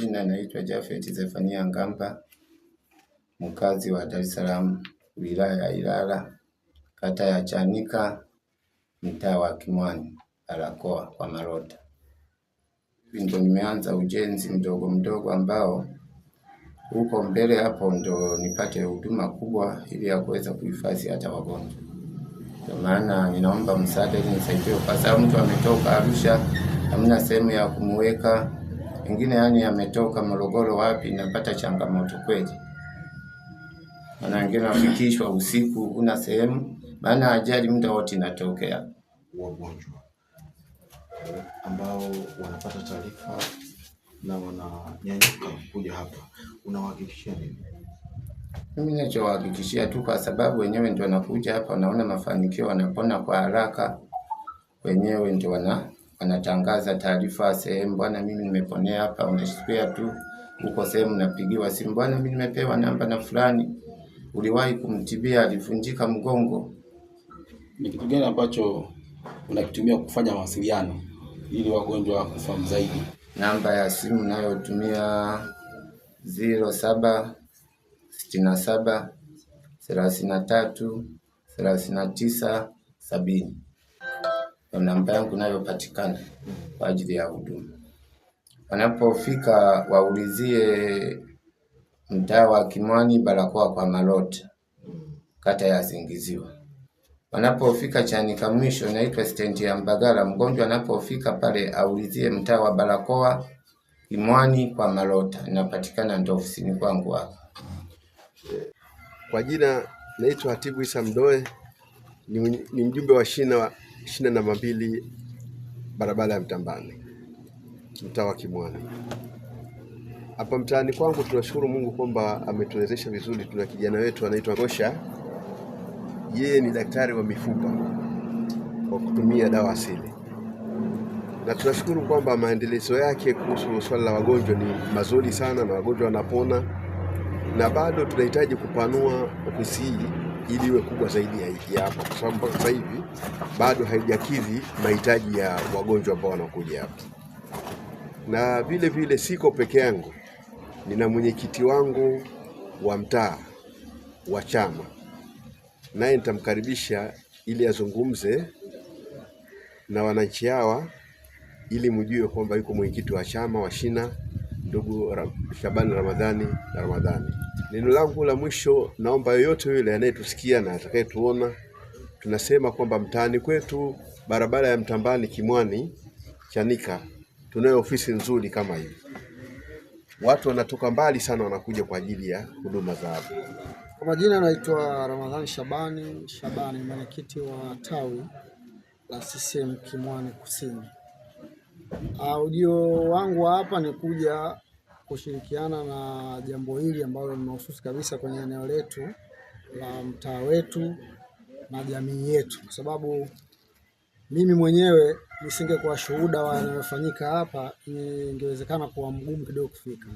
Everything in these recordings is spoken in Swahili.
Jina naitwa Japhet Zefania Ngamba, mkazi wa Dar es Salaam, wilaya ya Ilala, kata ya Chanika, mtaa wa Kimwani, Barakoa kwa Marota. Ndo nimeanza ujenzi mdogo mdogo ambao huko mbele hapo ndo nipate huduma kubwa ili ya kuweza kuhifadhi hata wagonjwa. Kwa maana ninaomba msaada ili nisaidie, kwa sababu mtu ametoka Arusha, hamna sehemu ya kumweka pengine yani ametoka Morogoro wapi, napata changamoto kweli. Maana wengine wafikishwa usiku, una sehemu, maana ajali muda wote inatokea. Wagonjwa eh, ambao wanapata taarifa na wananyanyuka kuja hapa, unawahakikishia nini? Mimi ninachowahakikishia tu, kwa sababu wenyewe ndio wanakuja hapa, wanaona mafanikio, wanapona kwa haraka, wenyewe ndio wana anatangaza taarifa sehemu, bwana, mimi nimeponea hapa, unashikria tu uko sehemu, napigiwa simu, bwana, mimi nimepewa namba na fulani, uliwahi kumtibia, alivunjika mgongo. Ni kitu gani ambacho unakitumia kufanya mawasiliano ili wagonjwa kufahamu zaidi? Namba ya simu nayotumia ziro saba sitini na saba thelathini na tatu thelathini na tisa sabini ya namba yangu inayopatikana kwa ajili ya huduma. Wanapofika waulizie mtaa wa Kimwani, Barakoa kwa Malota, kata ya Singiziwa. Wanapofika Chanikamwisho, inaitwa stendi ya Mbagala. Mgonjwa anapofika pale aulizie mtaa wa Barakoa Kimwani kwa Malota, inapatikana ndo ofisini kwangu hapa. Kwa jina naitwa Hatibu Isa Mdoe, ni, ni mjumbe wa shina shina namba mbili, barabara ya Mtambani, mtaa wa Kimwani. Hapa mtaani kwangu tunashukuru Mungu kwamba ametuwezesha vizuri. Tuna kijana wetu anaitwa gosha yeye ni daktari wa mifupa kwa kutumia dawa asili, na tunashukuru kwamba maendelezo yake kuhusu swala la wagonjwa ni mazuri sana, na wagonjwa wanapona, na bado tunahitaji kupanua ofisi hii ili iwe kubwa zaidi ya hapa, kwa sababu mpaka sasa hivi bado haijakidhi mahitaji ya wagonjwa ambao wanakuja hapa. Na vile vile siko peke yangu, nina mwenyekiti wangu wa mtaa wa chama, naye nitamkaribisha ili azungumze na wananchi hawa ili mjue kwamba yuko mwenyekiti wa chama wa shina ndugu Shabani Ramadhani na Ramadhani. Neno langu la mwisho, naomba yoyote yule anayetusikia na atakayetuona, tunasema kwamba mtaani kwetu, barabara ya Mtambani Kimwani Chanika, tunayo ofisi nzuri kama hii. Watu wanatoka mbali sana wanakuja kwa ajili ya huduma za hapo. Kwa majina anaitwa Ramadhani Shabani Shabani, mwenyekiti wa tawi la CCM Kimwani Kusini. Ah, ujio wangu hapa ni kuja kushirikiana na jambo hili ambalo ni mahususi kabisa kwenye eneo letu la mtaa wetu na jamii yetu, kwa sababu mimi mwenyewe nisingekuwa shuhuda wa yanayofanyika hapa, ingewezekana kuwa mgumu kidogo kufika,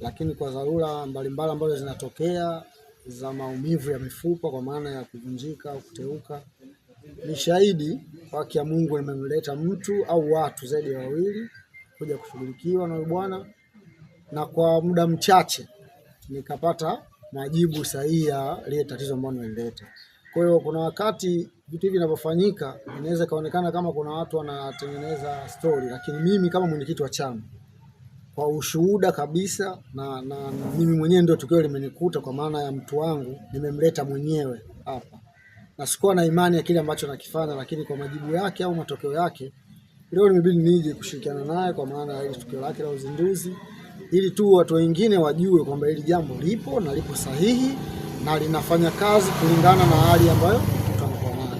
lakini kwa dharura mbalimbali ambazo zinatokea za maumivu ya mifupa kwa maana ya kuvunjika au kuteuka, ni shahidi haki ya Mungu imemleta mtu au watu zaidi ya wawili kuja kushughulikiwa na bwana na kwa muda mchache nikapata majibu sahihi ya lile tatizo ambalo nilileta. Kwa hiyo kuna wakati vitu hivi vinavyofanyika inaweza ikaonekana kama kuna watu wanatengeneza stori, lakini mimi kama mwenyekiti wa chama kwa ushuhuda kabisa na, na mimi mwenyewe ndio tukio limenikuta, kwa maana ya mtu wangu nimemleta mwenyewe hapa, na sikuwa na imani ya kile ambacho nakifanya, lakini kwa majibu yake au matokeo yake leo nimebidi nije kushirikiana naye kwa maana ya tukio lake la uzinduzi ili tu watu wengine wajue kwamba hili jambo lipo na lipo sahihi na linafanya kazi kulingana na hali ambayo tutakuwa nayo.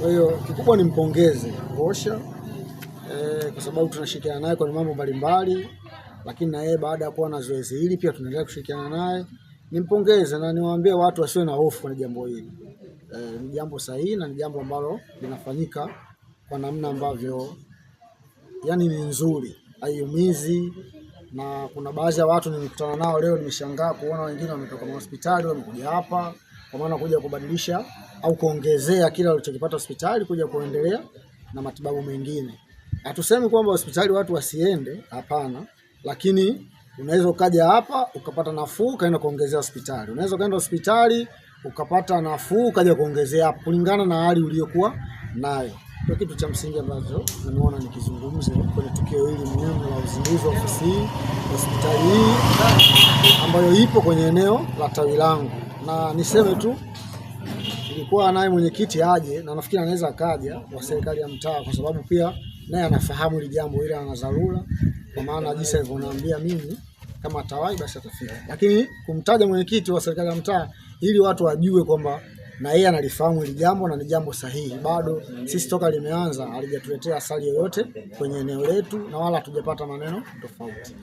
Kwa hiyo kikubwa mpongeze Ngosha e, kwa sababu tunashirikiana naye kwenye mambo mbalimbali, lakini na yeye baada ya kuwa na zoezi hili pia tunaendelea kushirikiana naye. Nimpongeze na niwaambie watu wasiwe na hofu kwenye jambo hili e, ni jambo sahihi na ni jambo ambalo linafanyika kwa namna ambavyo yani ni nzuri, haiumizi na kuna baadhi ya watu nimekutana nao leo, nimeshangaa kuona wengine wametoka hospitali wamekuja hapa, kwa maana kuja kubadilisha au kuongezea kile walichokipata hospitali kuja kuendelea na matibabu mengine. Hatusemi kwamba hospitali watu wasiende, hapana, lakini unaweza ukaja hapa ukapata nafuu ukaenda kuongezea hospitali, unaweza ukaenda hospitali ukapata nafuu ukaja kuongezea hapo, kulingana na hali uliyokuwa nayo. Ndio kitu cha msingi ambacho nimeona nikizungumze kwenye tukio hili muhimu la uzinduzi wa ofisi hii hospitali hii ambayo ipo kwenye eneo la tawi langu, na niseme tu ilikuwa naye mwenyekiti aje, na nafikiri anaweza akaja wa serikali ya mtaa, kwa sababu pia naye anafahamu hili jambo, ile ana dharura, kwa maana jinsi alivyoniambia mimi kama tawai, basi atafika, lakini kumtaja mwenyekiti wa serikali ya mtaa ili watu wajue kwamba na yeye analifahamu hili jambo na ni jambo sahihi. Bado sisi toka limeanza alijatuletea asali yoyote kwenye eneo letu na wala hatujapata maneno tofauti.